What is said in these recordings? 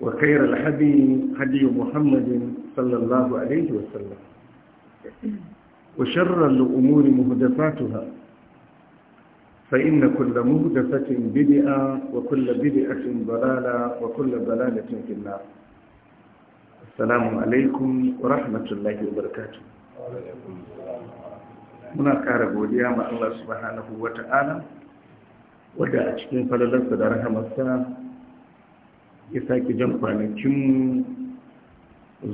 وخير الحدي هدي محمد صلى الله عليه وسلم وشر الأمور مهدفاتها فإن كل مهدفة بدئة وكل بدئة ضلالة وكل ضلالة في النار السلام عليكم ورحمة الله وبركاته muna ƙara godiya ma Allah subhanahu wa ta'ala wadda a cikin falalarsa da rahamarsa ya sake jan kwanakin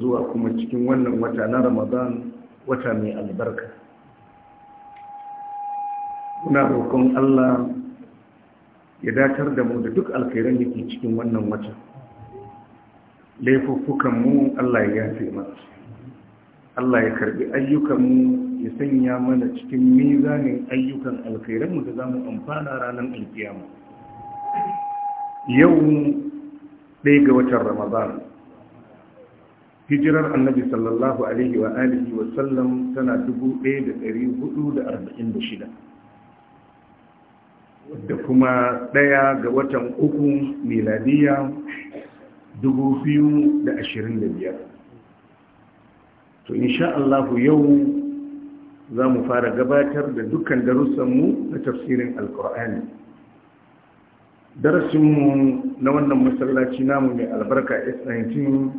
zuwa kuma cikin wannan wata na ramadan wata mai albarka muna roƙon allah ya datar da mu da duk alkhairan da ke cikin wannan wata laifuffukanmu allah ya yafe ma. allah ya karbi ayyukanmu ya sanya mana cikin mizanin ayyukan alkhairanmu da za mu amfana ranar alkiyama yau ɗaya ga watan ramadan hijirar annabi sallallahu alaihi wa alihi wa sallam tana 1446 wadda kuma ɗaya ga watan uku miladiya 2025 to insha Allahu yau za mu fara gabatar da dukkan darussanmu na tafsirin alkur'ani darasinmu na wannan masallaci namu mai albarka s19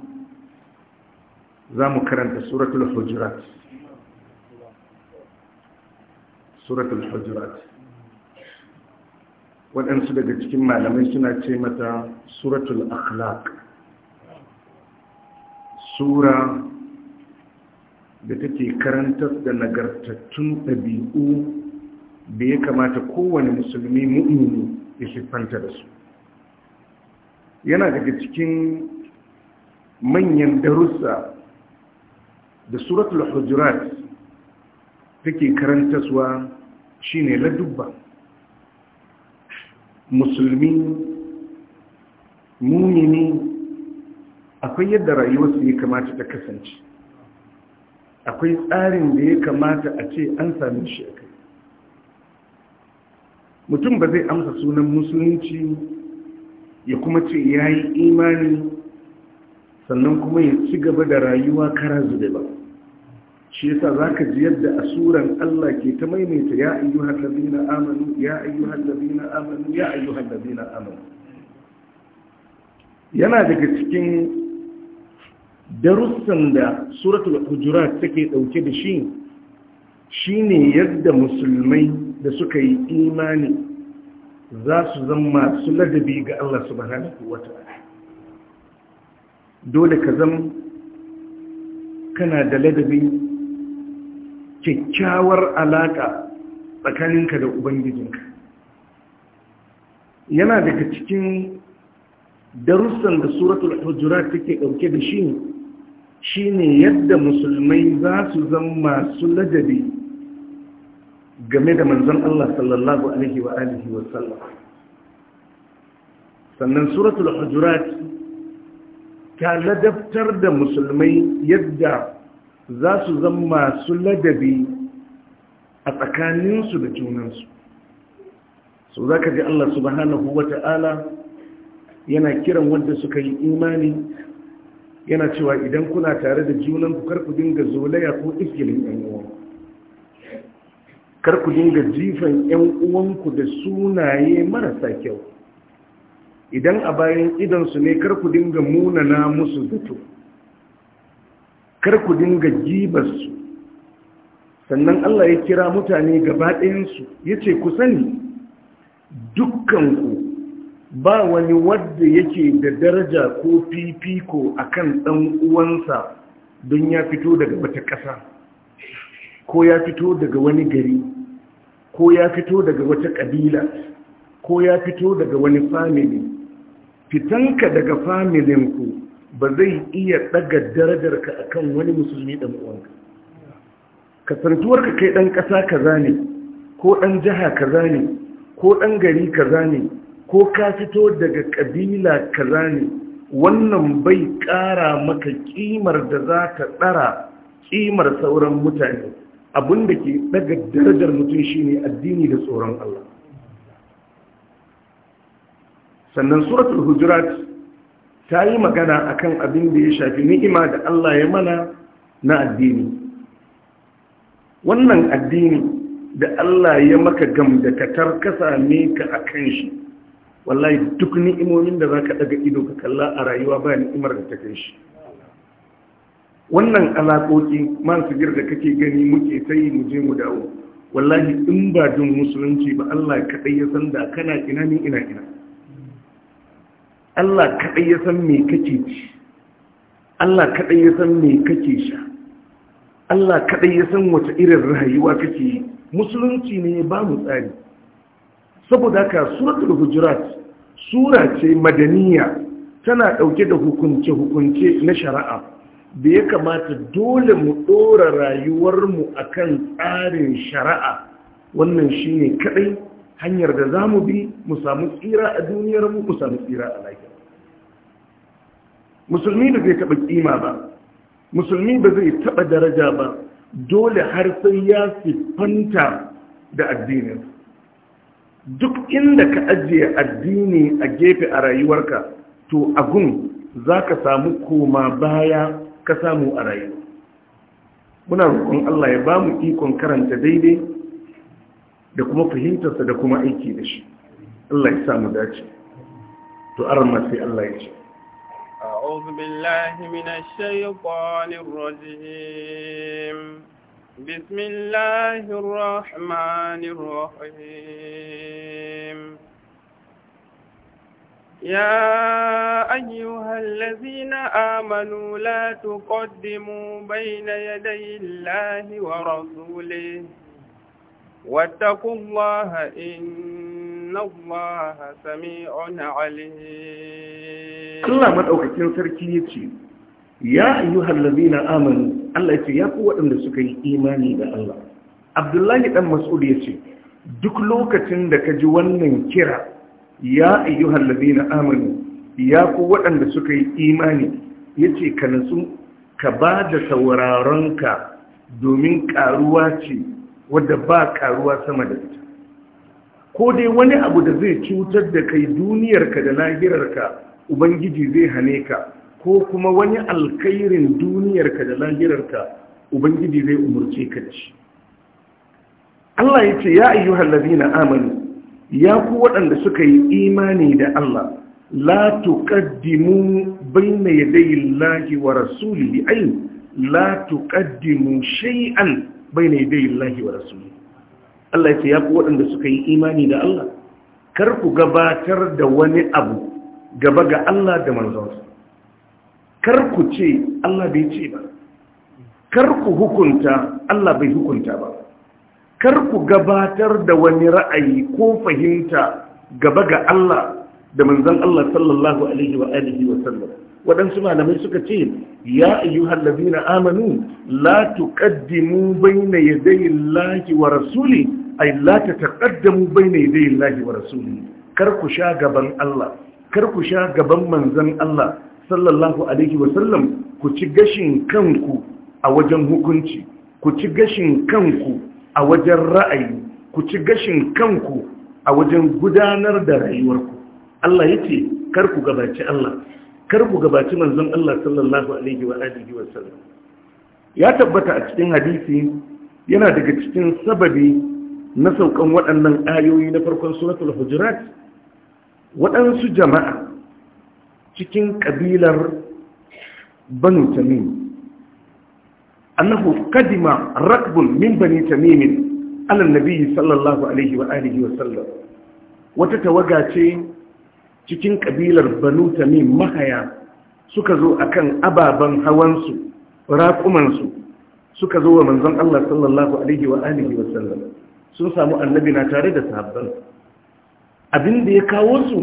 za mu karanta suratul hujurat suratul hujurat waɗansu daga cikin malamai suna ce mata suratul akhlaq sura da take karantar da nagartattun ɗabi'u da ya kamata kowane musulmi mu'mini ya siffanta da su yana daga cikin manyan darussa da suratul hujurat take karantaswa shine ladubba musulmi mumini akwai yadda rayuwarsu ya kamata ta kasance akwai tsarin da ya kamata a ce an sami shi a kai mutum ba zai amsa sunan musulunci ya kuma ce ya yi imani sannan kuma ya ci gaba da rayuwa kara zube ba shi yasa za ka ji yadda a suran Allah ke ta maimaita ya ayyuhar na amanu ya ayyuhar na amanu ya ayyuhar na amanu yana daga cikin darussan da suratul hujurat take dauke da shi shine yadda musulmai da suka yi imani za su zama su ladabi ga Allah subhanahu wa ta'ala dole ka zama kana da ladabi kyakkyawar alaka tsakaninka da ubangijinka yana daga cikin darussan da suratul hujura take dauke da shi shine yadda musulmai za su zama masu ladabi game da manzon Allah sallallahu alaihi wa alihi wa sallam sannan suratul hujurat ta ladabtar da musulmai yadda za su zama masu ladabi a tsakaninsu da junansu so za ka ji Allah subhanahu wa ta'ala yana kiran wanda suka yi imani yana cewa idan kuna tare da junanku ku dinga zolaya ko iskilin yan kar ku dinga jifan 'yan uwanku da sunaye marasa kyau idan a bayan idansu ne kar ku dinga munana musu zato kar ku dinga jibarsu sannan Allah ya kira mutane gaba ɗayansu ya ce ku sani dukkanku ba wani wadda yake da daraja ko fifiko a kan ɗan uwansa don ya fito daga wata ƙasa ko ya fito daga wani gari ko ya fito daga wata ƙabila ko ya fito daga wani family fitanka daga familinku ba zai iya ɗaga darajarka a kan wani musulmi ɗan uwanka kasantuwarka kai ɗan ƙasa kaza ne ko ɗan jiha kaza ne ko ɗan gari kaza ne ko ka fito daga ƙabila kaza ne wannan bai ƙara maka ƙimar da za ka ɗara ƙimar sauran mutane abin da ke daga darajar mutum ne addini da tsoron Allah sannan suratul hujurat ta yi magana akan abin da ya shafi ni'ima da Allah ya mana na addini wannan addini da Allah ya maka gamdakatar ka same ka a kan shi wallahi duk ni'imomin da za ka daga ido ka kalla a rayuwa ba ni'imar da ta kai shi wannan alaƙoƙi man sigir da kake gani muke sai mu je mu dawo wallahi in ba jin musulunci ba Allah kaɗai ya san da kana ina ne ina ina Allah kaɗai ya san me kake ci Allah kaɗai ya san me kake sha Allah kaɗai ya san wata irin rayuwa kake yi musulunci ne ba mu tsari saboda ka suratul hujurat sura ce madaniya tana ɗauke da hukunce-hukunce na shari'a da ya kamata dole mu ɗora rayuwarmu a kan tsarin shari'a wannan shi ne kaɗai hanyar da za mu bi mu samu tsira a duniyarmu mu samu tsira a lafiya musulmi da zai taɓa ƙima ba musulmi ba zai taɓa daraja ba dole har sai ya siffanta da addinin duk inda ka ajiye addini a gefe a rayuwarka to agun za ka samu koma baya ka samu a rayuwa muna roƙon Allah ya ba mu ikon karanta daidai da kuma fahimtarsa da kuma aiki da shi Allah ya samu dace to arma sai Allah ya ce أعوذ بالله من الشيطان الرجيم بسم الله الرحمن الرحيم يا أيها الذين آمنوا لا تقدموا بين يدي الله ورسوله واتقوا الله إن الله سميع عليه الله من أوكتين سركيتي يا أيها الذين آمنوا الله يتي يا قوة أن سكي إيماني الله عبد الله بن مسعود يتي duk lokacin da ka ji wannan kira ya ayyuhal ladina amanu ya ku waɗanda suka yi imani yace ka nutsu ka ba da sauraronka domin karuwa ce wadda ba karuwa sama da ita ko dai wani abu da zai cutar da kai duniyarka da lahirarka ubangiji zai hane ka ko kuma wani alkairin duniyarka da lahirarka ubangiji zai umurce ka ci. Allah ya ce ya ayyuhal ladina amanu ya ku waɗanda suka yi imani da Allah la tuqaddimu bayna yadayi Allahi wa rasulihi ay la tuqaddimu shay'an bayna yadayi Allahi wa rasulihi Allah ya ku waɗanda suka yi imani da Allah kar ku gabatar da wani abu gaba ga Allah da manzonsa kar ku ce Allah bai ce ba kar ku hukunta Allah bai hukunta ba kar ku gabatar da wani ra'ayi ko fahimta gaba ga Allah da manzon Allah sallallahu alaihi wa alihi wa sallam waɗansu malamai suka ce ya ayyuhal ladina amanu la tuqaddimu bayna yaday Allahi wa rasuli ay la tataqaddamu bayna yaday Allahi wa rasuli kar ku sha gaban Allah kar ku sha gaban manzon Allah sallallahu alaihi wa sallam ku ci gashin kanku a wajen hukunci ku ci gashin kanku a wajen ra'ayi ku ci gashin kanku a wajen gudanar da rayuwarku Allah ya ce kar ku gabaci Allah kar ku gabaci manzon Allah sallallahu alaihi wa alihi wa sallam ya tabbata a cikin hadisi yana daga cikin sababi na saukan waɗannan ayoyi na farkon suratul hujurat waɗansu jama'a cikin kabilar banu tamim أنه قدم ركب من بني تميم على النبي صلى الله عليه وآله وسلم cikin ƙabilar banu tamim mahaya suka zo akan ababen hawansu raƙumansu suka zo wa manzon Allah sallallahu alaihi wa alihi wa sallam sun samu annabi na tare da sahabban abin da ya kawo su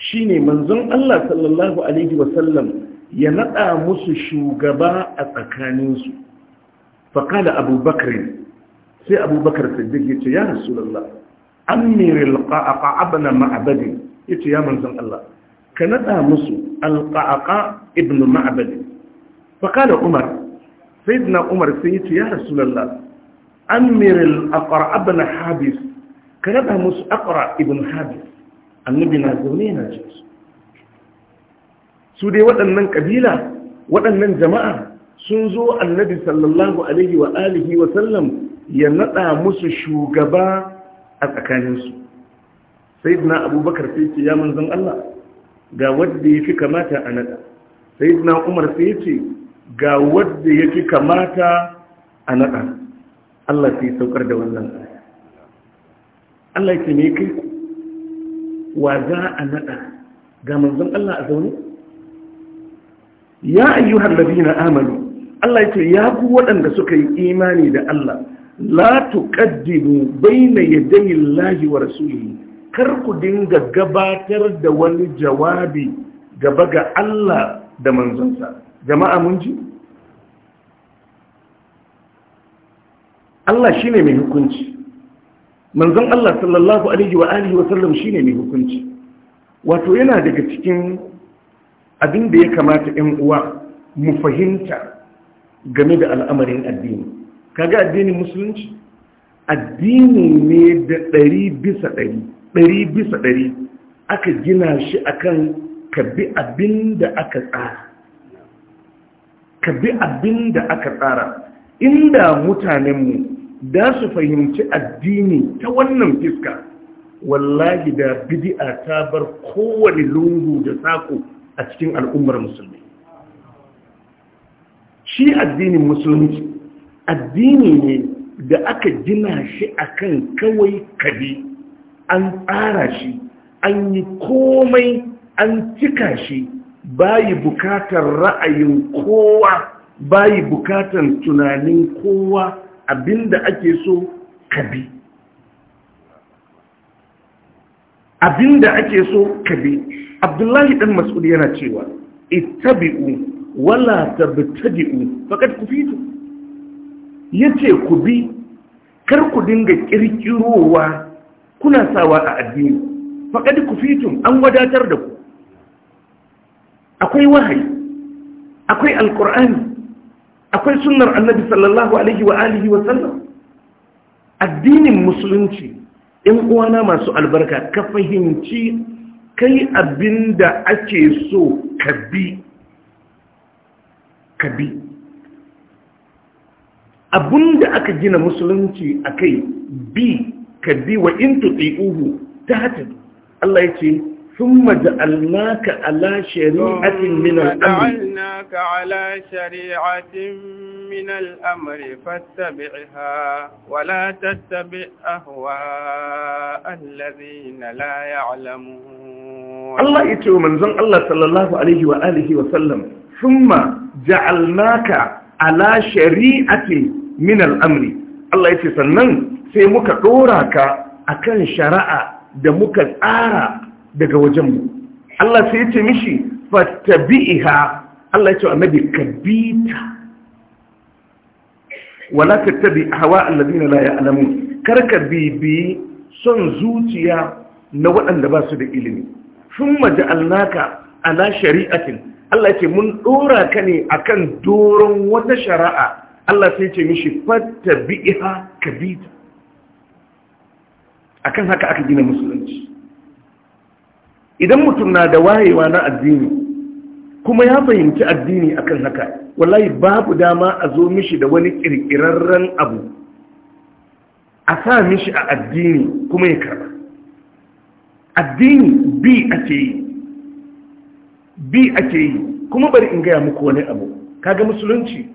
shine manzon Allah sallallahu alaihi wa sallam ya nada musu shugaba a tsakaninsu faƙala abubakar sai abubakar siddiq ya ce ya rasulallah an mere alƙa'aƙa na ma'abadi ya ce Allah ka musu alƙa'aƙa ibn ma'abadi faƙala umar sai umar sai ya ce ya rasulallah an mere alƙa'aƙa habis ka musu aƙara ibn habis annabi na zaune na ce su dai waɗannan ƙabila waɗannan jama'a sun zo annabi sallallahu alaihi wa alihi wa sallam ya nada musu shugaba a tsakaninsu sayyidina abubakar sai ce ya manzon Allah ga wanda yafi kamata a nada sayyidina umar sai ce ga wanda yafi kamata a nada Allah sai saukar da wannan aya Allah yake ne kai wa za a nada ga manzon Allah a zaune ya ayyuhal ladina amanu Allah ya ce ya ku waɗanda suka yi imani da Allah la tuqaddimu bayna yadayi Allahi wa rasulihi kar ku dinga gabatar da wani jawabi gaba ga Allah da manzonsa jama'a mun ji Allah shine mai hukunci manzon Allah sallallahu alaihi wa alihi wa sallam shine mai hukunci wato yana daga cikin abin da ya kamata ɗan uwa mu fahimta game da al'amarin addini kaga addinin musulunci addini ne da ɗari bisa ɗari ɗari bisa ɗari aka gina shi akan kabi abin da aka tsara kabi abin da aka tsara inda mutanenmu da su fahimci addini ta wannan fiska wallahi da bidi'a ta bar kowane lungu da sako a cikin al'ummar musulmi shi addinin musulunci addini ne da aka gina shi akan kawai kabi an tsara shi an yi komai an cika shi bayi bukatar ra'ayin kowa bayi bukatar tunanin kowa abinda ake so kabi abinda ake so kabi abdullahi dan mas'ud yana cewa ittabi'u wala tabtadi'u faqad kufitu yace ku bi kar ku dinga kirkirowa kuna sawa a addini faqad kufitu an wadatar da ku akwai wahayi akwai alqur'ani akwai sunnar annabi sallallahu alaihi wa alihi wa sallam addinin musulunci in uwana masu albarka ka fahimci kai abinda ake so ka bi kabi abinda aka gina musulunci a kai bi kabi wa intu ɗi'uhu ta hata Allah ya ce sun maja alaka ala shari'atin minar amri من الأمر فاتبعها ولا تتبع أهواء الذين لا يعلمون الله يتعو thumma ja'alnaka ala shari'ati min al'amri Allah yace sannan sai muka dora ka akan shari'a da muka tsara daga wajen mu Allah sai yace mishi fattabi'iha Allah yace annabi kabita wala tattabi hawa alladhina la ya'lamun karka bibi son zuciya na waɗanda ba su da ilimi thumma ja'alnaka ala shari'atin Allah ce mun ɗora ka ne akan doron wata shari'a Allah sai ce mishi fatta bi'iha kabita kan haka aka gina musulunci idan mutum na da wayewa na addini kuma ya fahimci addini akan haka wallahi babu dama a zo mishi da wani ƙirƙirarren abu a sa mishi a addini kuma ya karba addini bi ake yi bi ake yi kuma bari in gaya muku wani abu kaga musulunci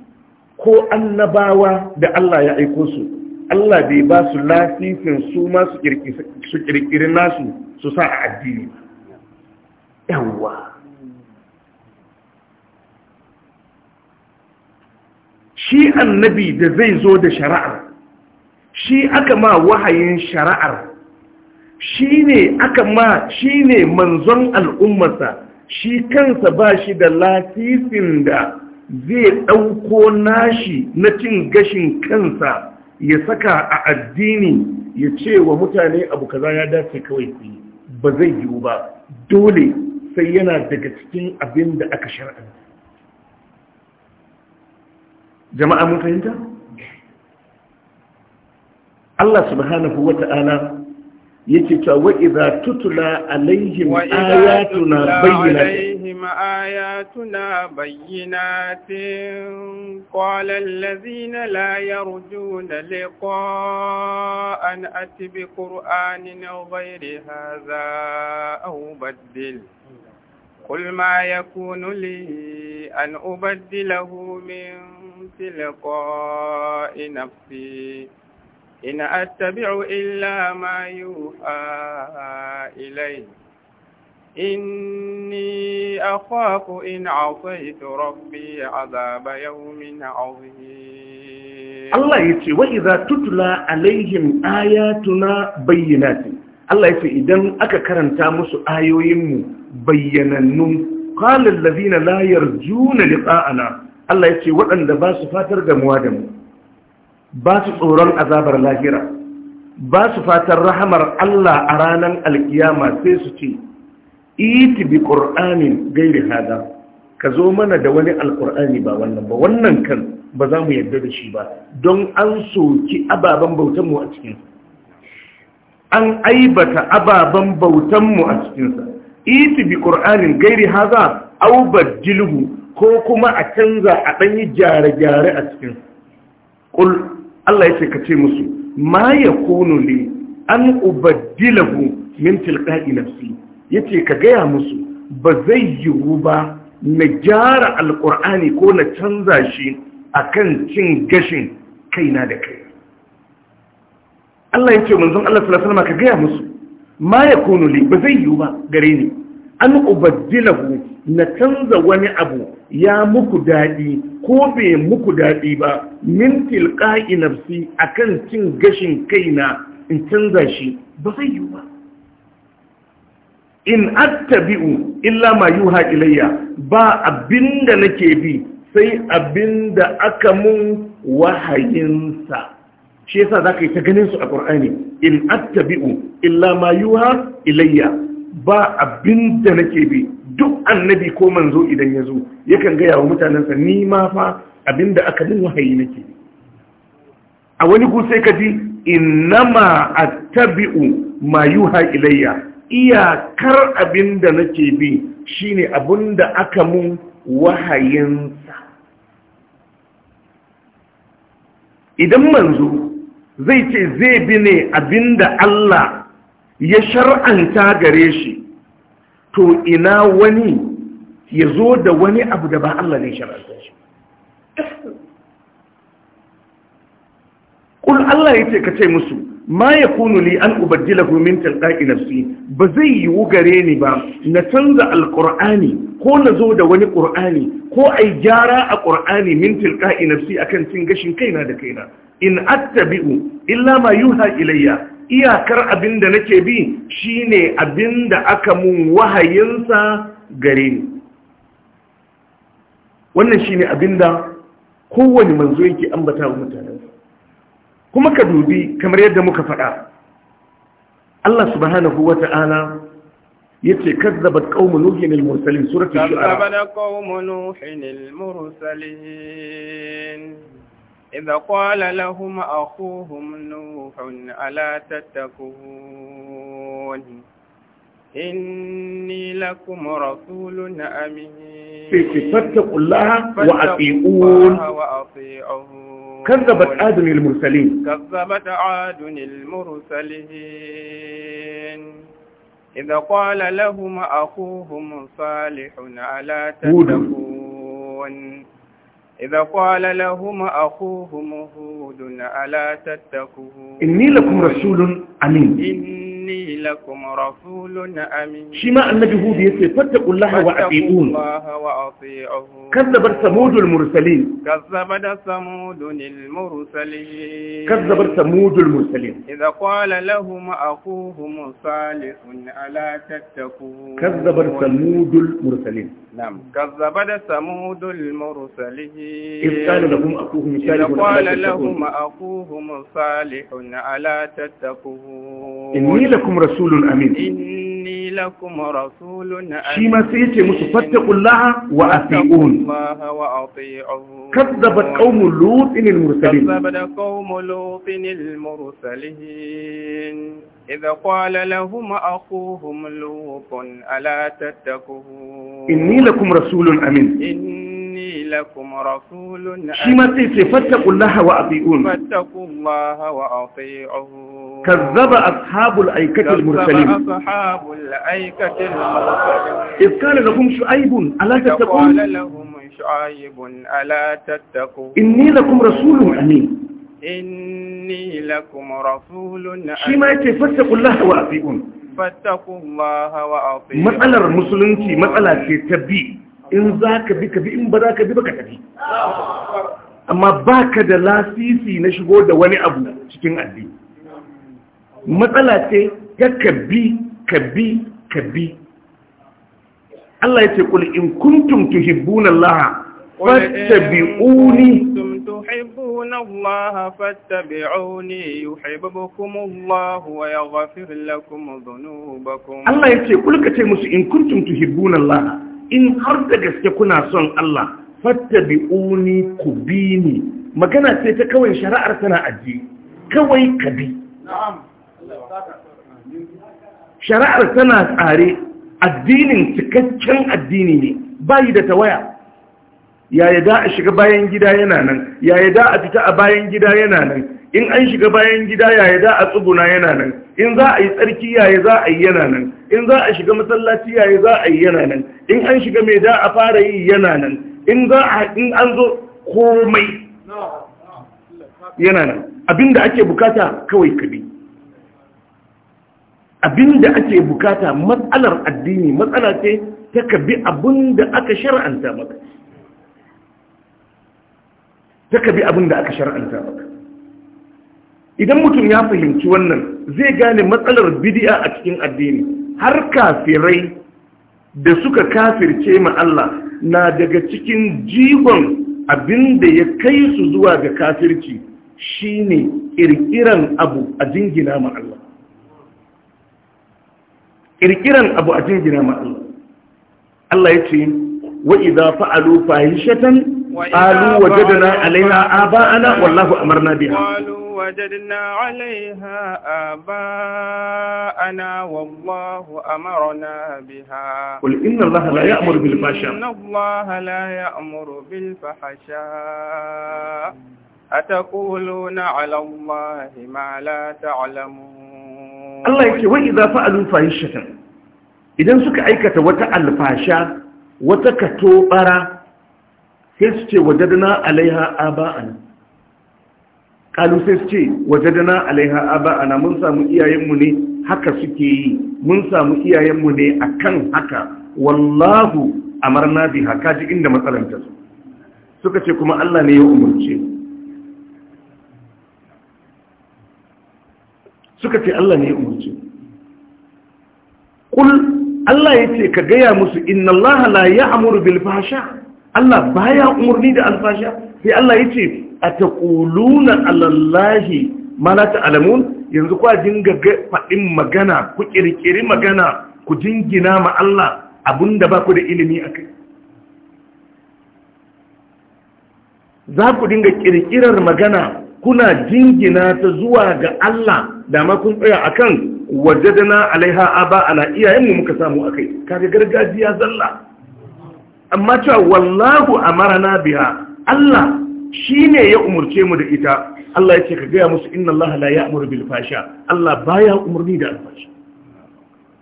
ko annabawa da Allah ya aiko su Allah bai ba su lafifin su ma su kirkiri nasu su sa a addini yawa shi annabi da zai zo da shari'ar shi aka ma wahayin shari'ar shi ne aka ma shi ne manzon al'ummarsa shi kansa ba shi da lasisin da zai ɗauko nashi na cin gashin kansa ya saka a addini ya ce wa mutane abu kaza ya dace kawai ku yi ba zai yiwu ba dole sai yana daga cikin abin da aka shara'a jama'a mun fahimta Allah subhanahu ta'ala. yake ta wa’i za tutula alaihim ayatuna bayyanatin kwallon lazina la ya ruju na leƙwa an atibi ƙur'ani na bayyari ha za a ubaddil kulma ya kunu li an ubaddila hu min tilaƙwa inafi إن أتبع إلا ما يوحى إلي إني أخاف إن عصيت ربي عذاب يوم عظيم الله يتي وإذا تتلى عليهم آياتنا بينات الله يتي إذن أكا كرنتا مسو آيوين بيننن قال الذين لا يرجون لقاءنا Allah ya ce waɗanda ba su fatar gamuwa da mu ba su tsoron azabar lahira ba su fatan rahamar Allah a ranar alkiyama sai su ce iti bi ƙur'anin gairi hada ka zo mana da wani Alkur'ani ba wannan ba wannan kan ba za mu yarda da shi ba don an soki ababen bautanmu a cikinsa an aibata ababen bautanmu a cikinsa iti bi ƙur'anin gairi haza aubar jilhu ko kuma a canza a ɗanyi gyare-gyare a cikinsa Allah ya ce ka ce musu ma ya kono ne an ubaddilahu min tilqa'i nafsi yace ka gaya musu ba zai yiwu ba na gyara Alƙur'ani ko na canza shi akan cin gashin kaina da kai Allah ya ce manzon Allah sallallahu alaihi wasallam ka gaya musu ma ya kono ne ba zai yiwu ba gare ni an ubaddilahu na canza wani abu ya muku daɗi ko bai muku daɗi ba min tilƙa'i nafsi akan cin gashin kaina in canza shi ba zai yi ba in attabi'u illa ma yuha ilayya ba abinda nake bi sai abinda aka mun wahayinsa shi yasa zaka yi ta ganin su a Qur'ani in attabi'u illa ma yuha ilayya ba abinda nake bi duk annabi ko manzo idan ya zo yakan gaya wa mutanensa ni ma fa abinda aka min wahayi nake a wani ku sai ka ji innama attabi'u ma yuha ilayya iyakar abinda nake bi shine abinda aka mun wahayinsa idan manzo zai ce zai bi ne abinda Allah ya shar'anta gare shi to ina wani ya zo da wani abu da ba Allah ne shar'anta shi kul Allah ce ka ce musu ma yakunu li an ubaddilahu min na nafsi ba zai yiwu gare ni ba na canza Alƙur'ani, ko na zo da wani ƙur'ani, ko yi gyara a qur'ani min talqa'i nafsi akan cin gashin kaina da kaina in attabi'u illa ma yuha ilayya iyakar abin da nake bi shine abin da aka mun wahayinsa gare ni wannan shine abin da kowane manzo yake ambata wa mutane kuma ka dubi kamar yadda muka faɗa Allah subhanahu wa ta'ala yace kazzabat qaumu nuhin al-mursalin suratul shu'ara kazzabana nuhin al-mursalin إذ قال لهم أخوهم نوح ألا تتقون إني لكم رسول أمين فاتقوا الله وأطيعون كذبت عاد المرسلين كذبت عاد المرسلين إذا قال لهم أخوهم صالح ألا تتقون إذا قال لهم أخوهم هود ألا تتقون إني لكم رسول أمين إني إني لكم رسول أمين شما أن جهود يسي فاتقوا الله وأطيعون كذبت ثمود المرسلين كذبت ثمود المرسلين كذبت ثمود المرسلين إذا قال لهم أخوهم صالح ألا تتقون كذبت ثمود المرسلين نعم كذبت ثمود المرسلين إذ قال لهم أخوهم صالح إذا قال لهم أخوهم صالح ألا تتقون إني لكم لكم رسول أمين إني لكم رسول شيما سيتي الله وأطيعون كذب قوم لوط المرسلين كذبت قوم لوط المرسلين إذا قال لهم أخوهم لوط ألا تتقون إني لكم رسول أمين لكم رسول شيما فاتقوا الله وأطيعون الله وأطيعون كذب أصحاب الأيكة المرسلين أصحاب الأيكة المرسلين إذ قال لهم شعيب ألا تتقون قال لهم شعيب ألا تتقون إني لكم رسول أمين إني لكم رسول أمين شما يتفسق الله وأطيعون فاتقوا الله وأطيعون مسألة المسلمين مسألة تبي إن ذاك بك بي إن براك بك تبي amma baka da lasisi na shigo da wani abu cikin addini matsala ce ya kabi kabi kabi Allah ya ce in kuntum tuhibbunallaha fattabi'uni fattabi'uni yuhibbukumullahu wa yaghfir lakum dhunubakum Allah ya ce in kuntum tuhibbunallaha in har da gaske kuna son Allah fattabi'uni kubini magana ce ta kawai shari'ar tana aji kawai kabi na'am shari'ar tana tsare addinin cikakken addini ne bayi da tawaya yaya da a shiga bayan gida yana nan yaya da a fita a bayan gida yana nan in an shiga bayan gida yaya da a tsuguna yana nan in za a yi tsarki yaya za a yi yana nan in za a shiga masallaci yaya za a yi yana nan in an shiga mai da a fara yi yana nan in za a in an zo komai yana nan abinda ake bukata kawai kabi abinda ake bukata matsalar addini matsala ce ta kabi abinda aka shar'anta maka ta kabi abinda aka shar'anta maka idan mutum ya fahimci wannan zai gane matsalar bidi'a a cikin addini har kafirai da suka kafirce ma Allah na daga cikin jigon abinda ya kai su zuwa ga kafirci shine kirkiran abu a jingina ma Allah kirkiran abu a jingina ma Allah Allah ya ce wa idza fa'alu fahishatan qalu wajadna 'alayha aba'ana wallahu amarna biha وجدنا عليها آباءنا والله أمرنا بها قل إن الله لا يأمر بالفحشاء إن الله لا يأمر بالفحشاء أتقولون على الله ما لا تعلمون Allah yake wai idza fa'alu fahishatan idan suka aikata wata alfasha wata katobara sai su ce wajadana alaiha aba'an kalu sai su ce wajadana alaiha aba'ana mun samu iyayenmu ne haka suke yi mun samu iyayenmu ne akan haka wallahu amarna haka kaji inda matsalanta su. suka ce kuma Allah ne ya umurce mu suka ce Allah ne ya umarci kul Allah ya ce ka gaya musu inna Allah la amuru bil fasha Allah baya umarni da alfasha sai Allah ya ce ataquluna ala Allahi ma la ta'lamun yanzu kwa dinga faɗin magana ku ƙirƙiri magana ku jingina ma Allah abinda ba ku da ilimi akai za ku dinga ƙirƙirar magana kuna jingina ta zuwa ga Allah da ma kun tsaya akan wajadana alaiha aba ana iyayenmu muka samu akai kaga gargajiya zalla amma cewa wallahu amarana biha Allah shine ya umurce mu da ita Allah ya ce ka gaya musu inna Allah la ya'muru bil fasha Allah baya umurni da alfasha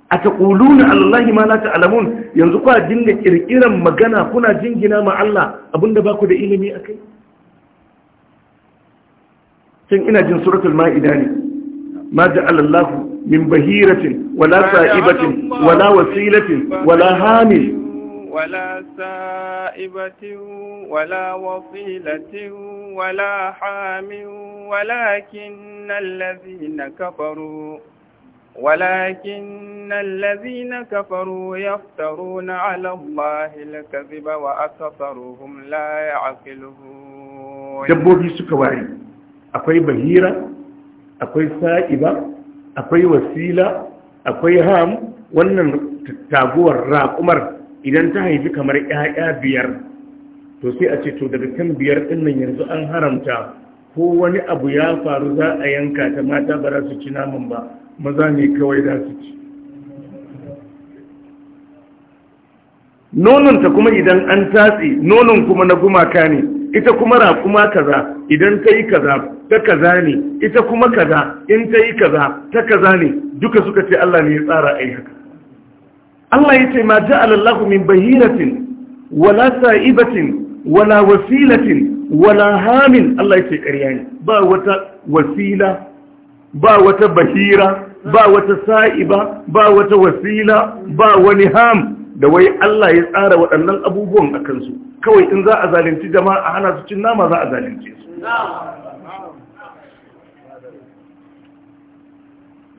ataquluna allahi ma la ta'lamun yanzu kwa dinga kirkiran magana kuna jingina ma Allah abinda ba ku da ilimi akai sun ina jin suratul ma'ida ne ma ja'ala min bahiratin wala sa'ibatin wala wasilatin wala hamil wala sa'ibatin wala wasilatin wala hamil ولكن الذين كفروا akwai bahira akwai sa'iba akwai wasila akwai ham wannan taguwar raƙumar idan ta haifi kamar 'ya'ya biyar to sai a ce to daga kan biyar ɗin nan yanzu an haramta ko wani abu ya faru za a yanka ta mata ba za su ci naman ba maza ne kawai za su ci nononta kuma idan an tatsi nonon kuma na gumaka ne ita kuma raƙuma kaza idan ta yi kaza ta kaza ne ita kuma kaza in ta yi kaza ta kaza ne duka suka ce Allah ne ya tsara a haka Allah ya ce ma ja'ala Allahu min bahiratin wala sa'ibatin wala wasilatin wala hamin Allah ya ce ƙarya ne ba wata wasila ba wata bahira ba wata sa'iba ba wata wasila ba wani ham da wai Allah ya tsara waɗannan abubuwan a kansu kawai in za a zalunci jama'a ana hana su cin nama za a zalunce su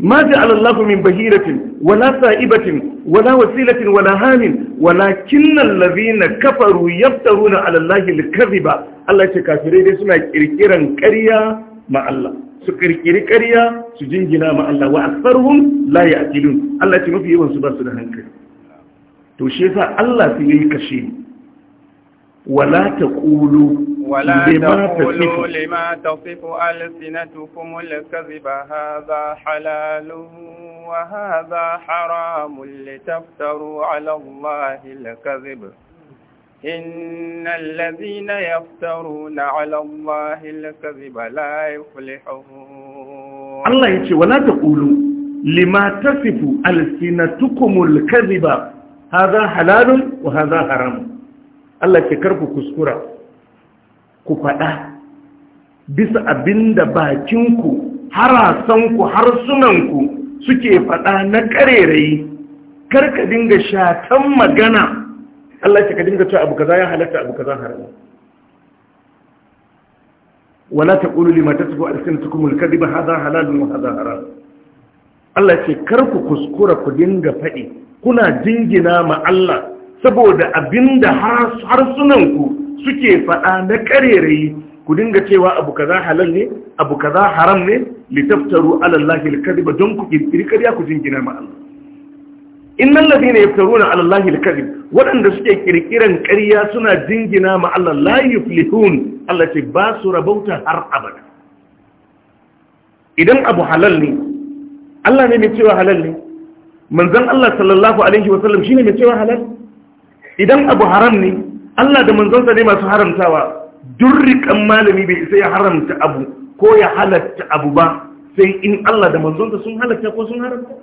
ma ja'ala Allahu min bahiratin wala sa'ibatin wala wasilatin wala hamin walakin allazina kafaru yaftaruna 'ala Allahi al-kadhiba Allah ce kafirai dai suna kirkiran ƙarya ma Allah su kirkiri ƙarya su jingina ma Allah wa aktharuhum la ya'qilun Allah ce mafi yawan su ba su da hankali to shi yasa Allah sai yayi kashe wala taqulu ولا تقولوا لما تصف ألسنتكم الكذب هذا حلال وهذا حرام لتفتروا على الله الكذب إن الذين يفترون على الله الكذب لا يفلحون الله يقول ولا تقولوا لما تصف ألسنتكم الكذب haza halalun wa haza haramun Allah ce karku kuskura ku faɗa bisa abinda bakinku harasanku harsunanku suke faɗa na ƙarerayi karka dinga shatan magana Allah ce ka dinga cewa abu kaza ya halatta abu kaza haramun wala taqulu lima tasbu alsinatukum alkadhiba hadha halalun wa hadha haram Allah ce kar ku kuskura ku dinga faɗi kuna jingina ma Allah saboda abinda harsunanku suke faɗa na karerai ku dinga cewa abu kaza halal ne abu kaza haram ne litaftaru ala Allah al don ku kirkiri kariya ku jingina ma Allah innal ladina yaftaruna ala Allah al wadanda suke kirkiran kariya suna jingina ma Allah la yuflihun Allah ce ba su rabauta har abada idan abu halal ne Allah ne mai cewa halal ne Manzan Allah sallallahu alaihi wasallam shine mai cewa halal idan abu haram ne Allah da manzonsa ne masu haramtawa durrikan malami bai isa ya haramta abu ko ya halatta abu ba sai in Allah da manzonsa sun halatta ko sun haramta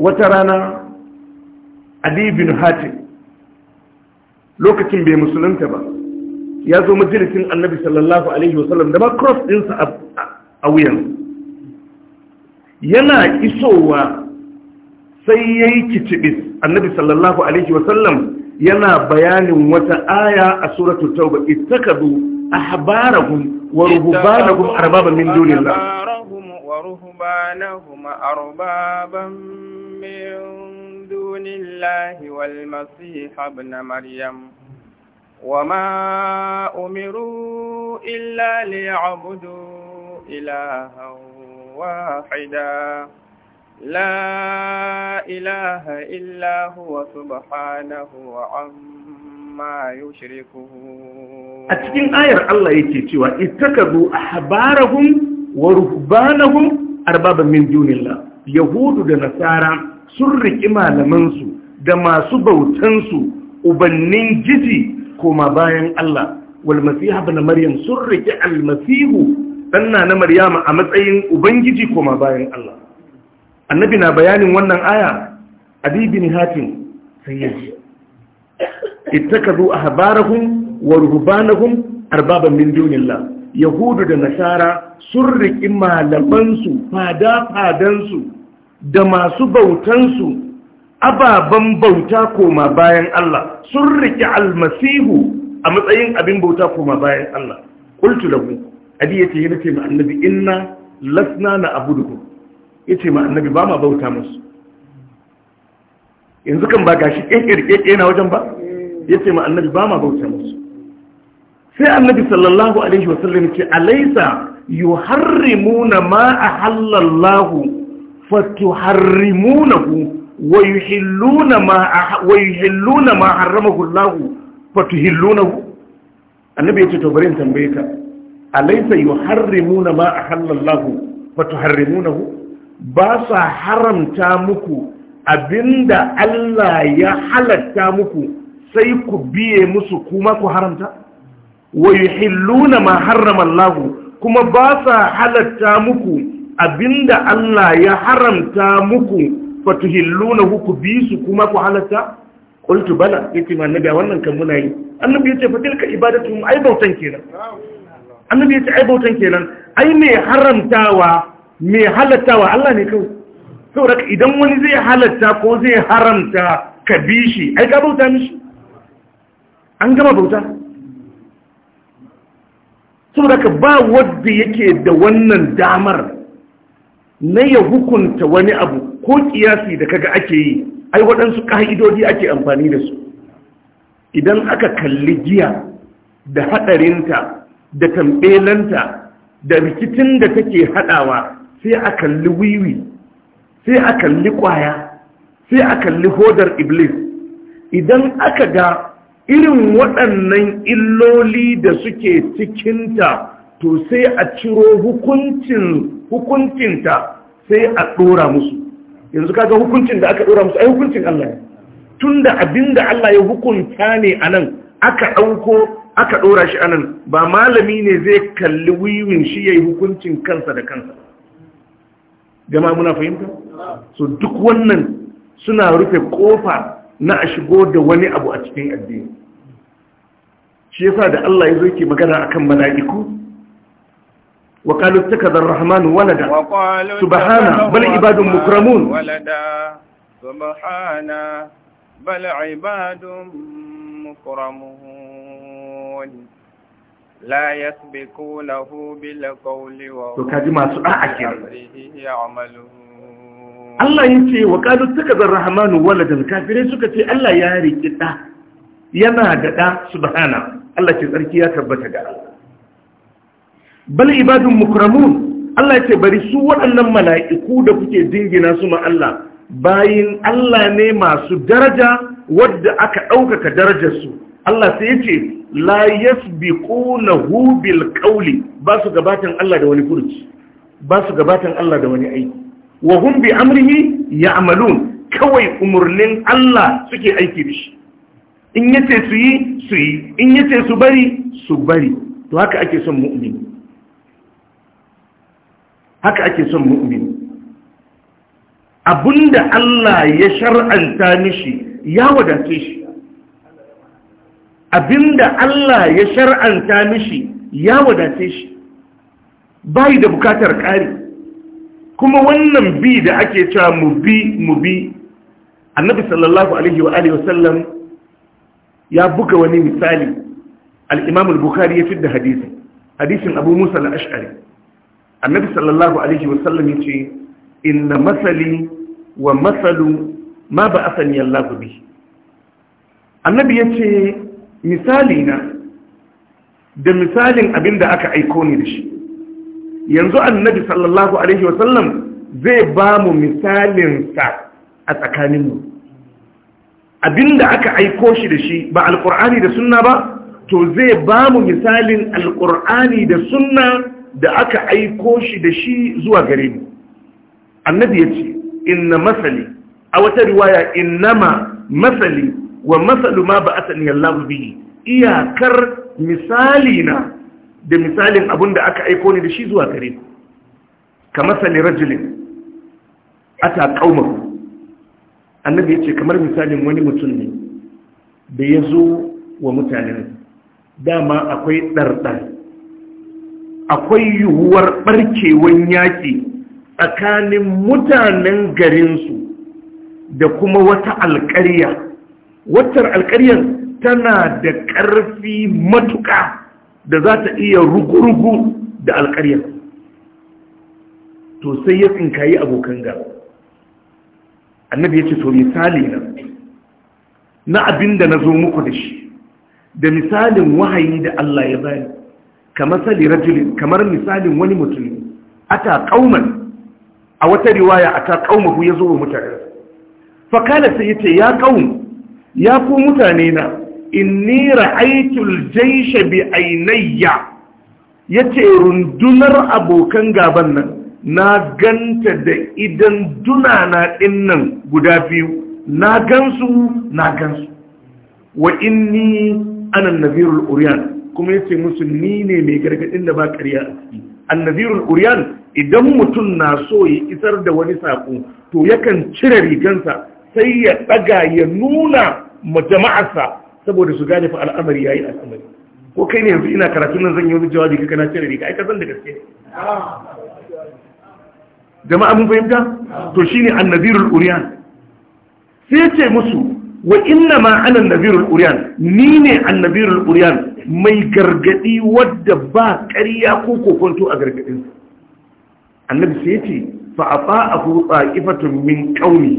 wata rana Ali bin Hatim lokacin bai musulunta ba ya zo majalisin annabi sallallahu alaihi wasallam da ba cross ɗinsa a wuyan yana isowa sai ya yi kicibis annabi sallallahu alaihi wasallam yana bayanin wata aya a suratu tauba ittakadu ahbarahum wa ruhbanahum arbaban min dunillah wa ruhbanahum arbaban min dunillahi wal masih ibn maryam وما أمروا إلا ليعبدوا واحدا لا إله إلا هو سبحانه وعما يشركون أتكين آية الله يتيتوا اتكذوا أحبارهم ورهبانهم أربابا من دون الله يهود ونصارى سرق إمالمنسو دما سبوتنسو وبنين جدي كما باين الله والمسيح ابن مريم سرق المسيح danna na maryama a matsayin ubangiji koma bayan Allah annabi na bayanin wannan aya adi hatin hatim sai ya ji ittakazu ahbarahum wa ruhbanahum arbaban min dunillah yahudu da nasara sun riƙi malamansu fada fadansu da masu bautansu ababen bauta koma bayan Allah sun riƙi almasihu a matsayin abin bauta koma bayan Allah kultu lahu adi yace yana ce ma annabi inna lasna na abudukum yace ma annabi ba ma bauta musu yanzu kan ba gashi kekkirkeke na wajen ba yace ma annabi ba ma bauta musu sai annabi sallallahu alaihi wasallam ce alaysa yuharrimuna ma ahallallahu fatuharrimunahu wa yuhilluna ma wa yuhilluna ma harramahu Allah fatuhillunahu annabi yace to bari in tambaye ka alaysa yuharrimuna ma ahallallahu tuharrimunahu ba sa haramta muku abinda Allah ya halatta muku sai ku biye musu kuma ku haramta wa yuhilluna ma harrama Allah kuma ba sa halatta muku abinda Allah ya haramta muku fatuhillunahu ku bi su kuma ku halatta qultu bala yace ma annabi wannan kan muna yi annabi yace fa tilka ibadatu ai bautan kenan annabi ya ce ai bautan kenan ai mai haramtawa mai halattawa Allah ne kawai saboda idan wani zai halatta ko zai haramta ka bi shi ai ka bauta mishi an gama bauta saboda ka ba wadda yake da wannan damar na ya hukunta wani abu ko kiyasi da kaga ake yi ai waɗansu ƙa'idodi ake amfani da su idan aka kalli giya da haɗarinta da tambelanta da rikicin da take haɗawa sai a kalli wiwi sai a kalli ƙwaya sai a kalli hodar iblis idan aka ga irin waɗannan illoli da suke cikinta to sai a ciro hukuncin hukuncinta sai a ɗora musu yanzu kaga hukuncin da aka ɗora musu ai hukuncin Allah ne tun da abin da Allah ya hukunta ne a nan aka ɗauko aka ɗora shi anan ba malami ne zai kalli wiwin shi ya yi hukuncin kansa da kansa gama muna fahimta? so duk wannan suna rufe ƙofa na a shigo da wani abu a cikin addini shi yasa da Allah ya zo yake magana akan mala'iku wa qalu takaza ar-rahman walada subhana bal ibadun mukramun walada subhana bal ibadun mukramun To لا يسبقونه بالقول وهم يعملون Allah ya ce wa ƙadu suka zan rahamanu da kafirai suka ce Allah ya riƙi ɗa yana da ɗa subhana Allah ce tsarki ya tabbata ga Allah. Bal ibadun mukramun Allah ce bari su waɗannan mala'iku da kuke dingina su ma Allah bayin Allah ne masu daraja wadda aka ɗaukaka darajarsu Allah sai yace la yasbiqunahu bil qawli ba su gabatan Allah da wani furuci ba su gabatan Allah da wani aiki wa hum bi amrihi ya'malun kawai umurnin Allah suke aiki da shi in yace su yi su yi in yace su bari su bari to haka ake son mu'mini haka ake son mu'mini Abunda Allah ya shar'anta mishi ya wadace shi abinda Allah ya shar'anta mishi ya wadace shi bai da bukatar ƙari kuma wannan bi da ake cewa mu bi mu bi annabi sallallahu alaihi wa alihi wasallam ya buga wani misali al-imam al-bukhari ya fidda hadisi hadisin abu musa al-ash'ari annabi sallallahu alaihi wasallam yace inna masali wa masalu ma ba'athani Allah bi annabi yace misali na da misalin abin da aka aiko ni da shi yanzu annabi sallallahu alaihi wasallam zai ba mu misalinsa a tsakaninmu abin da aka aiko shi da shi ba alkur'ani da sunna ba to zai ba mu misalin alkur'ani da sunna da aka aiko shi da shi zuwa gare mu annabi ya ce inna masali a wata riwaya innama masali wa masalu ma ba asali Allah bihi iyakar misali na da misalin abin da aka aiko ni da shi zuwa gare ku ka masali rajulin ata qauma annabi yace kamar misalin wani mutum ne da ya zo wa mutanen dama akwai ɗarɗar akwai yiwuwar ɓarkewan yaƙi tsakanin mutanen garinsu da kuma wata alƙarya waccar alƙaryar tana da ƙarfi matuƙa da za ta iya rugurugu da alƙaryar to sai ya tsinkayi abokan gaba annabi ya ce to misali na na abin da na zo muku da shi da misalin wahayi da Allah ya bani kamar sali rajulin kamar misalin wani mutum ata kauman a wata riwaya ata kaumahu ya zo wa mutane kala sai ya ce ya kaum ya ku mutane na inni ra'aitul jaysha bi ya yace rundunar abokan gaban nan na ganta da idan dunana dinnan guda biyu na gansu na gansu wa inni anan nazirul uryan kuma yace musu ni ne mai gargadin da ba ƙarya a ciki annazirul uryan idan mutum na so ya isar da wani saƙo, to yakan cire rigansa sai ya ɗaga ya nuna jama'arsa saboda su gane fa al'amari yayi al'amari ko kai ne yanzu ina karatu nan zan yi wani jawabi ka na cire riga ka aika san da gaske jama'a mun fahimta to shine annabirul uriyan sai ce musu wa inna ma ana annabirul uriyan ni ne annabirul uriyan mai gargadi wadda ba ƙarya ko kokonto a gargadin annabi sai ce fa afa ahu ta'ifatun min qaumi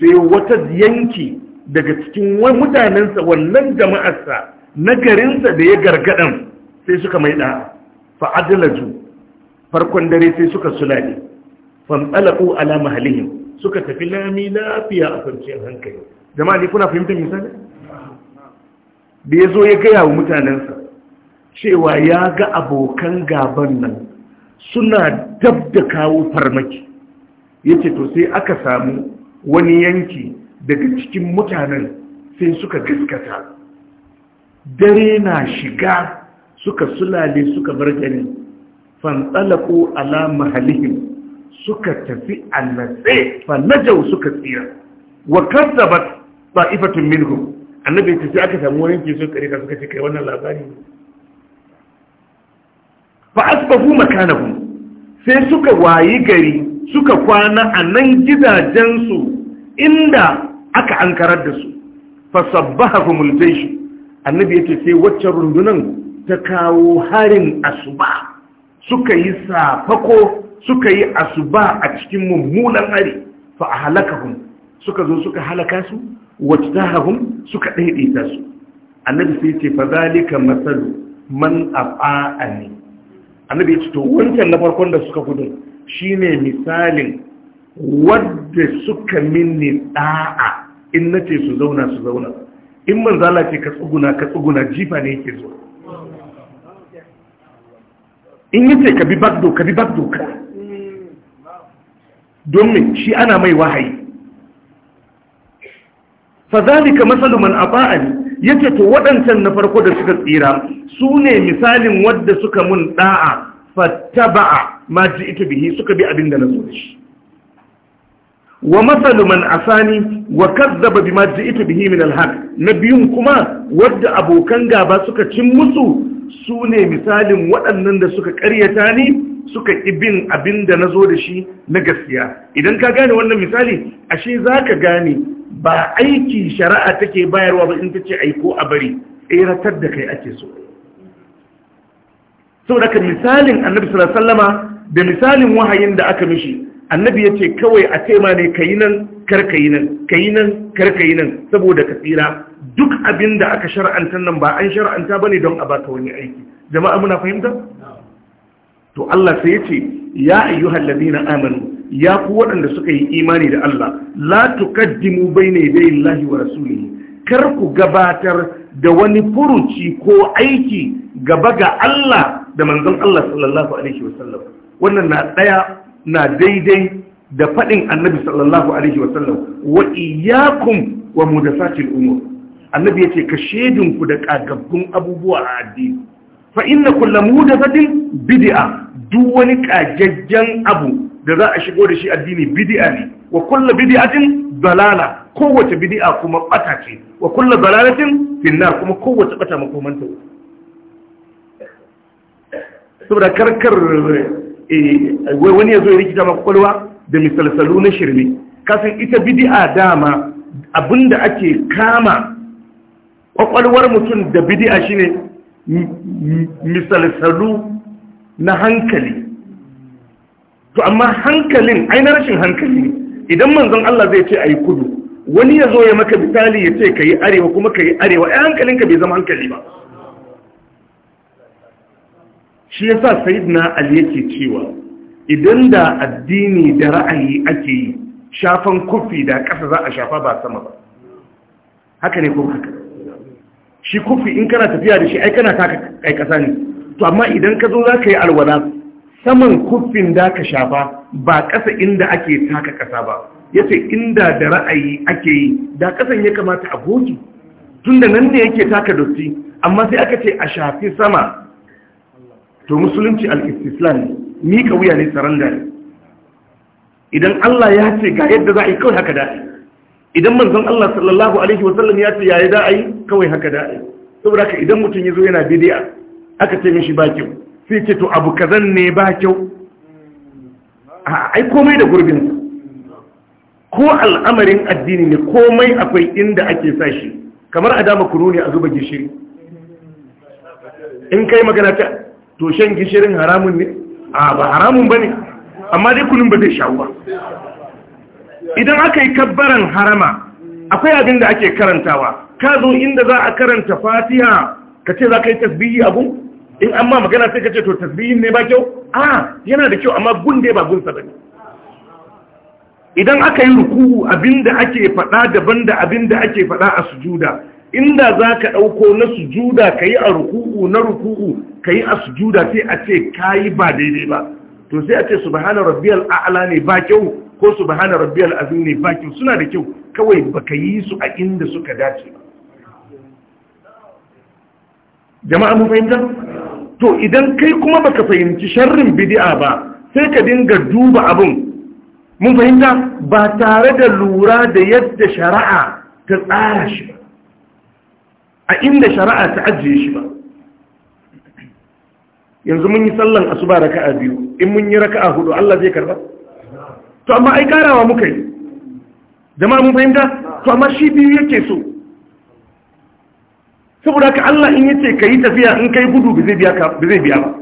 sai wata yanki daga cikin wani mutanensa wannan jama'arsa na garinsa da ya gargadan sai suka mai da fa'adalaju farkon dare sai suka sulale fantsalaku ala mahalihim suka tafi lami lafiya a kwanciyar hankali jama'a ne kuna fahimtar misali da ya zo ya gaya wa mutanensa cewa ya ga abokan gaban nan suna dab da kawo farmaki ya ce to sai aka samu wani yanki daga cikin mutanen sai suka gaskata dare na shiga suka sulale suka bar gani fantsalaku ala mahalihim suka tafi annatse fannajau suka tsira wa kazzabat ta'ifatun minhum annabi ya ce aka samu wani kiso kare ka suka ce kai wannan labari fa asbahu makanahum sai suka wayi gari suka kwana a nan gidajensu inda aka ankarar da su fasabbahahumul jaysh annabi yace sai waccan rundunan ta kawo harin asuba suka yi safako suka yi asuba a cikin mummunan hari fa ahlakahum suka zo suka halaka su wajtahum suka daidaita su annabi sai yake fa zalika masalu man afa'ani annabi yake to wancan na farkon da suka gudu shine misalin wadda suka minni da'a in na ce su zauna su zauna in manzala ce ka tsuguna ka tsuguna jifa ne yake zuwa in yi ce ka bi bakdo ka bi bakdo ka domin shi ana mai wahayi fazalika masalu man aba'ani yace to waɗancan na farko da suka tsira su ne misalin wadda suka mun da'a fattaba'a ma ji ita bihi suka bi abin da na zo shi wa masalu man asani wa kazzaba bima ji'tu bihi min alhaq na nabiyun kuma wadda abokan gaba suka cin musu su ne misalin waɗannan da suka ƙaryata ni suka ibin abin da na zo da shi na gaskiya idan ka gane wannan misali ashe za ka gane ba aiki shari'a take bayarwa ba in ta ce aiko a bari tseratar da kai ake so sau daga misalin annabi sallama da misalin wahayin da aka mishi annabi ya ce kawai a ce ne ka yi nan karka yi nan ka yi nan karka yi nan saboda ka tsira duk abin da aka shar'anta nan ba an shar'anta ba ne don a baka wani aiki jama'a muna fahimta to Allah sai ya ce ya ayyuhal na amanu ya ku waɗanda suka yi imani da Allah la tuqaddimu bayna yaday Allahi wa rasulihi kar ku gabatar da wani furuci ko aiki gaba ga Allah da manzon Allah sallallahu alaihi wasallam wannan na daya na daidai da faɗin annabi sallallahu alaihi wasallam wa iyakum wa mudasatil umar. annabi yace ka shedinku da kagaggun abubuwa a addini fa inna kullu mudasatin bid'a duk wani kagaggen abu da za a shigo da shi addini bid'a ne wa kulla bid'atin balala, kowace bid'a kuma ɓata ce wa kulla balalatin finnar kuma kowace bata makomanta saboda karkar Eh, wani ya zo ya rikita maka kwalwa da misalsalu na shirme kasan ita bidi'a dama abinda ake kama kwakwalwar mutum da bidi'a shine misalsalu na hankali to amma hankalin aina rashin hankali idan manzon Allah zai ce ayi kudu wani ya zo ya maka misali ya ce ka yi arewa kuma ka yi arewa ai hankalinka bai zama hankali ba shi yasa sayyidina ali yake cewa idan da addini da ra'ayi ake yi shafan kufi da ƙasa za a shafa ba sama ba haka ne ko haka shi kufi in kana tafiya da shi ai kana taka kai ƙasa ne to amma idan ka zo za ka yi alwala saman kufin da ka shafa ba ƙasa inda ake taka ƙasa ba yace inda da ra'ayi ake yi da ƙasan ya kamata a goge tunda nan ne yake taka dotti amma sai aka ce a shafi sama to musulunci al-istislam ni ka wuya ne saranda ne idan Allah ya ce ga yadda za a yi kawai haka da, idan manzon Allah sallallahu alaihi wasallam ya ce yayi ai kawai haka da. ai saboda haka idan mutum yazo yana bid'a aka ce mishi ba kyau sai ce to abu kazan ne ba kyau ai komai da gurbin ko al'amarin addini ne komai akwai inda ake sa shi kamar a dama a zuba gishiri in kai magana ta to shan gishirin haramun ne a ba haramun ba ne amma dai kunun ba zai shawo ba idan aka yi kabbaran harama akwai abin da ake karantawa ka zo inda za a karanta fatiha ka ce za ka yi tasbihi abu? in an ma magana sai ka ce to tasbihin ne ba kyau a yana da kyau amma gun dai ba gun ba ne idan aka yi ruku'u abin da ake faɗa daban da abin da ake faɗa a sujuda inda za ka ɗauko na sujuda ka yi a ruku'u na ruku'u ka yi a sujuda sai a ce ka yi ba daidai ba to sai a ce subhana rabbiyal a'la ne ba kyau ko subhana rabbiyal azim ne ba kyau suna da kyau kawai baka yi su a inda suka dace ba jama'a mun fahimta to idan kai kuma baka fahimci sharrin bid'a ba sai ka dinga duba abun mun fahimta ba tare da lura da yadda shari'a ta tsara shi a inda shari'a ta ajiye shi ba yanzu mun yi sallan asuba raka'a biyu in mun yi raka'a hudu Allah zai karba to amma ai karawa muka yi jama'a mun fahimta to amma shi biyu yake so saboda ka Allah in yace kai tafiya in kai gudu ba zai biya ka ba zai biya ba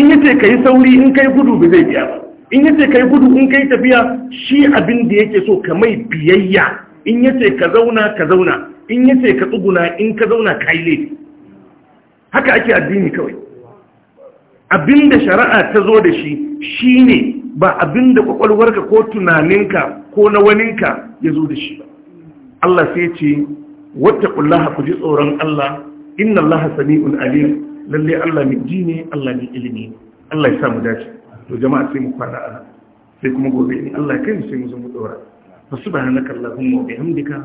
in yace kai sauri in kai gudu ba zai biya ba in yace kai gudu in kai tafiya shi abin da yake so kamai biyayya in yace ka zauna ka zauna in yace ka tsuguna in ka zauna ka yi laifi haka ake addini kawai abinda shari'a ta zo da shi shi ne ba abinda kwakwalwarka ko tunaninka ko na waninka ya zo da shi ba Allah sai ce wattaqullaha ku ji tsoron Allah inna Allah sami'un alim lalle Allah mai ji ne Allah mai ilimi Allah ya sa mu dace to jama'a sai mu fara ana sai kuma gobe ne Allah kai sai mu zo mu dora fa subhanaka allahumma wa bihamdika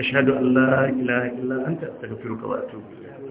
ashhadu an la ilaha ila anta astaghfiruka wa atubu ilayk